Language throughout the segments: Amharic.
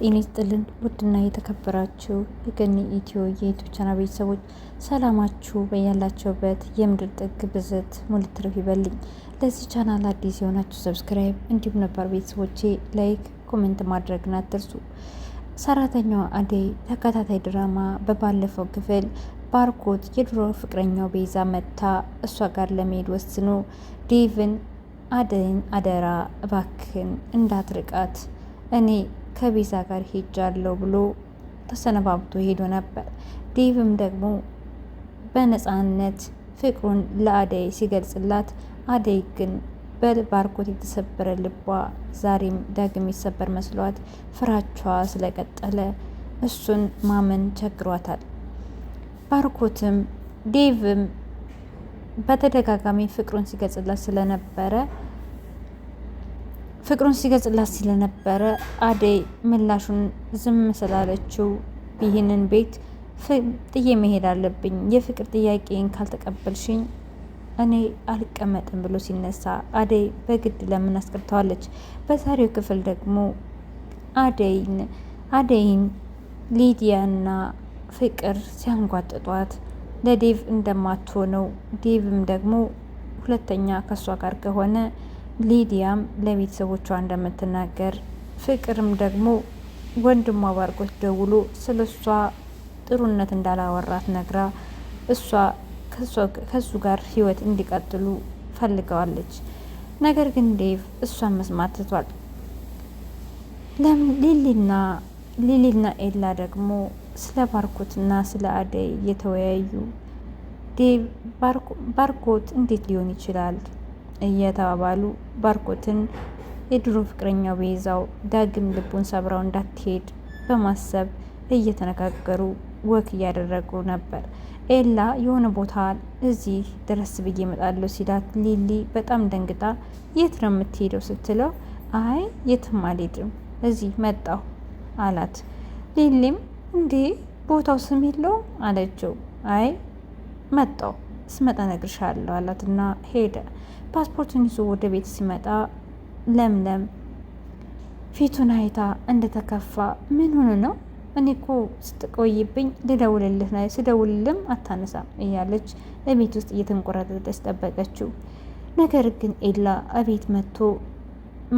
ጤና ይስጥልን ውድና የተከበራችሁ የገኒ ኢትዮ የዩቱብ ቻናል ቤተሰቦች ሰላማችሁ በያላችሁበት የምድር ጥግ ብዝት ሙሉ ትርፍ ይበልኝ። ለዚህ ቻናል አዲስ የሆናችሁ ሰብስክራይብ፣ እንዲሁም ነባር ቤተሰቦቼ ላይክ፣ ኮሜንት ማድረግን አትርሱ። ሰራተኛዋ አደይ ተከታታይ ድራማ በባለፈው ክፍል ባርኮት የድሮ ፍቅረኛው ቤዛ መታ እሷ ጋር ለመሄድ ወስኖ ዴቭን አደይን አደራ እባክን እንዳትርቃት እኔ ከቤዛ ጋር ሄጃለሁ ብሎ ተሰነባብቶ ሄዶ ነበር። ዴቭም ደግሞ በነፃነት ፍቅሩን ለአደይ ሲገልጽላት፣ አደይ ግን በባርኮት የተሰበረ ልቧ ዛሬም ዳግም ይሰበር መስሏት ፍራቿ ስለቀጠለ እሱን ማመን ቸግሯታል። ባርኮትም ዴቭም በተደጋጋሚ ፍቅሩን ሲገልጽላት ስለነበረ ፍቅሩን ሲገልጽላት ስለነበረ አደይ ምላሹን ዝም ስላለችው ይህንን ቤት ጥዬ መሄድ አለብኝ፣ የፍቅር ጥያቄን ካልተቀበልሽኝ እኔ አልቀመጥም ብሎ ሲነሳ አደይ በግድ ለምን አስቀርተዋለች። በዛሬው ክፍል ደግሞ አደይን አደይን ሊዲያና ፍቅር ሲያንጓጥጧት ለዴቭ እንደማትሆነው ዴቭም ደግሞ ሁለተኛ ከእሷ ጋር ከሆነ ሊዲያም ለቤተሰቦቿ እንደምትናገር ፍቅርም ደግሞ ወንድሟ ባርኮት ደውሎ ስለ እሷ ጥሩነት እንዳላወራት ነግራ እሷ ከሱ ጋር ህይወት እንዲቀጥሉ ፈልገዋለች። ነገር ግን ዴቭ እሷን መስማት ትቷል። ሊሊና ሊሊና ኤላ ደግሞ ስለ ባርኮትና ስለ አደይ እየተወያዩ ዴቭ ባርኮት እንዴት ሊሆን ይችላል እየተባባሉ ባርኮትን የድሮ ፍቅረኛው ቤዛው ዳግም ልቡን ሰብረው እንዳትሄድ በማሰብ እየተነጋገሩ ወክ እያደረጉ ነበር። ኤላ የሆነ ቦታ እዚህ ድረስ ብዬ እመጣለሁ ሲላት ሊሊ በጣም ደንግጣ የት ነው የምትሄደው ስትለው አይ የትም አልሄድም እዚህ መጣሁ አላት። ሊሊም እንዴ ቦታው ስም የለውም አለችው። አይ መጣው? ስመጣ እነግርሻለሁ አላትና ሄደ። ፓስፖርቱን ይዞ ወደ ቤት ሲመጣ ለምለም ፊቱን አይታ እንደተከፋ ምን ሆኖ ነው? እኔ እኮ ስትቆይብኝ ልደውልልህ ና ስደውልልም አታነሳም እያለች እቤት ውስጥ እየተንቆረጠጠች ጠበቀችው። ነገር ግን ኤላ እቤት መጥቶ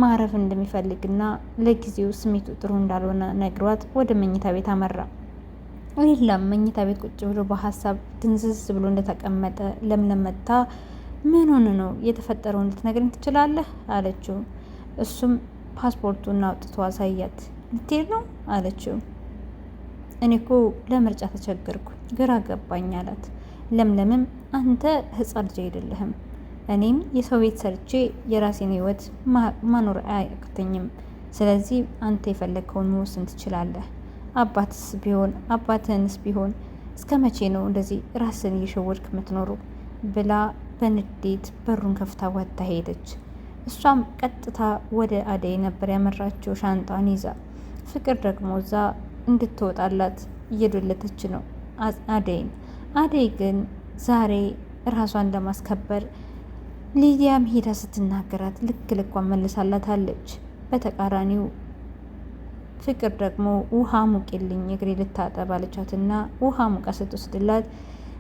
ማረፍ እንደሚፈልግና ለጊዜው ስሜቱ ጥሩ እንዳልሆነ ነግሯት ወደ መኝታ ቤት አመራ። ሌላም መኝታ ቤት ቁጭ ብሎ በሀሳብ ድንዝዝ ብሎ እንደተቀመጠ ለምለም መታ ምን ሆነ ነው የተፈጠረው ልትነግረኝ ትችላለህ? አለችው። እሱም ፓስፖርቱን አውጥቶ አሳያት። ልትሄድ ነው አለችው። እኔ እኮ ለምርጫ ተቸገርኩ፣ ግራ ገባኝ አላት። ለምለምም አንተ ህፃን ልጅ አይደለህም፣ እኔም የሰው ቤት ሰርቼ የራሴን ህይወት ማኖር አያቅተኝም። ስለዚህ አንተ የፈለግከውን መወስን ትችላለህ አባትስ ቢሆን አባትህንስ ቢሆን እስከ መቼ ነው እንደዚህ ራስን እየሸወድክ የምትኖሩ? ብላ በንዴት በሩን ከፍታ ወጥታ ሄደች። እሷም ቀጥታ ወደ አደይ ነበር ያመራቸው ሻንጣን ይዛ። ፍቅር ደግሞ እዛ እንድትወጣላት እየዶለተች ነው አደይን። አደይ ግን ዛሬ ራሷን ለማስከበር ሊዲያም ሄዳ ስትናገራት ልክ ልኳን መልሳላታለች። በተቃራኒው ፍቅር ደግሞ ውሃ ሙቂልኝ እግሬ ልታጠብ አለቻትና ውሃ ሙቃ ስትወስድላት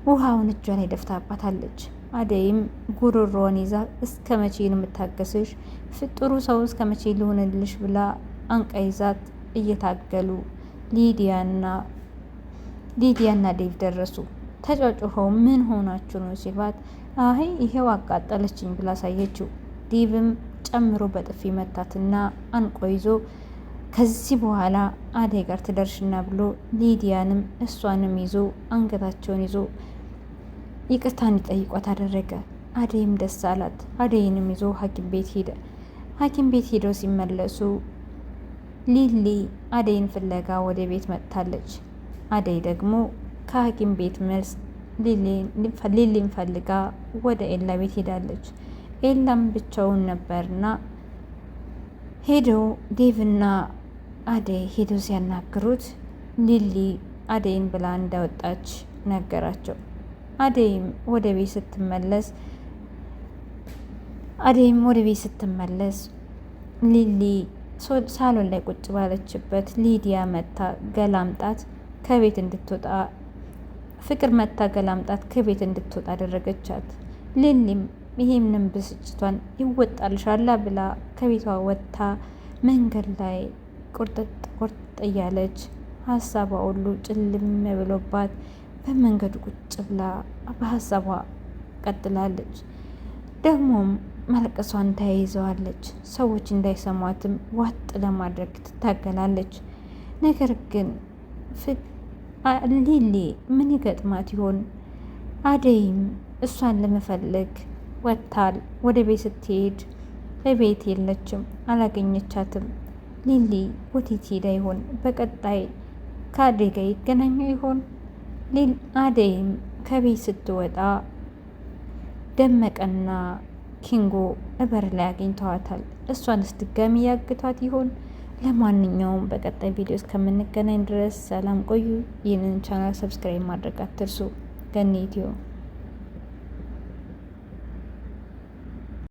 ውሃውን እጇ ላይ ደፍታባታለች። አደይም ጉሮሮዋን ይዛ እስከ መቼ ነው የምታገስሽ? ፍጥሩ ሰው እስከ መቼ ልሆንልሽ ብላ አንቃ ይዛት እየታገሉ ሊዲያና ዴቭ ደረሱ። ተጫጭፈው ምን ሆናችሁ ነው ሲባት፣ አይ ይሄው አቃጠለችኝ ብላ ሳየችው ዴቭም ጨምሮ በጥፊ መታትና አንቆ ይዞ ከዚህ በኋላ አደይ ጋር ትደርሽና ብሎ ሊዲያንም እሷንም ይዞ አንገታቸውን ይዞ ይቅርታ እንዲጠይቋት አደረገ። አደይም ደስ አላት። አደይንም ይዞ ሐኪም ቤት ሄደ። ሐኪም ቤት ሄደው ሲመለሱ ሊሊ አደይን ፍለጋ ወደ ቤት መጥታለች። አደይ ደግሞ ከሐኪም ቤት መልስ ሊሊን ፈልጋ ወደ ኤላ ቤት ሄዳለች። ኤላም ብቻውን ነበርና ሄደው ዴቭና አደይ ሄዶ ሲያናግሩት ሊሊ አደይን ብላ እንዳወጣች ነገራቸው። አደይም ወደ ቤት ስትመለስ አደይም ወደ ቤት ስትመለስ ሊሊ ሳሎን ላይ ቁጭ ባለችበት ሊዲያ መታ ገላምጣት ከቤት እንድትወጣ ፍቅር መታ ገላምጣት ከቤት እንድትወጣ አደረገቻት። ሊሊም ይህንን ብስጭቷን ይወጣልሻላ ብላ ከቤቷ ወጥታ መንገድ ላይ ቁርጥጥ ቁርጥ እያለች ሀሳቧ ሁሉ ጭልም ብሎባት በመንገዱ ቁጭ ብላ በሀሳቧ ቀጥላለች። ደግሞም ማልቀሷን ተያይዘዋለች። ሰዎች እንዳይሰሟትም ዋጥ ለማድረግ ትታገላለች። ነገር ግን ሊሊ ምን ይገጥማት ይሆን? አደይም እሷን ለመፈለግ ወጥታል። ወደ ቤት ስትሄድ እቤት የለችም፣ አላገኘቻትም። ሊሊ ወዴት ሄዳ ይሆን? በቀጣይ ከአደይ ጋር ይገናኙ ይሆን? አደይም ከቤት ስትወጣ ደመቀና ኪንጎ እበር ላይ አግኝተዋታል። እሷንስ ድጋሚ ያግቷት ይሆን? ለማንኛውም በቀጣይ ቪዲዮ እስከምንገናኝ ድረስ ሰላም ቆዩ። ይህንን ቻናል ሰብስክራይብ ማድረግ አትርሱ። ገኒ ኢትዮ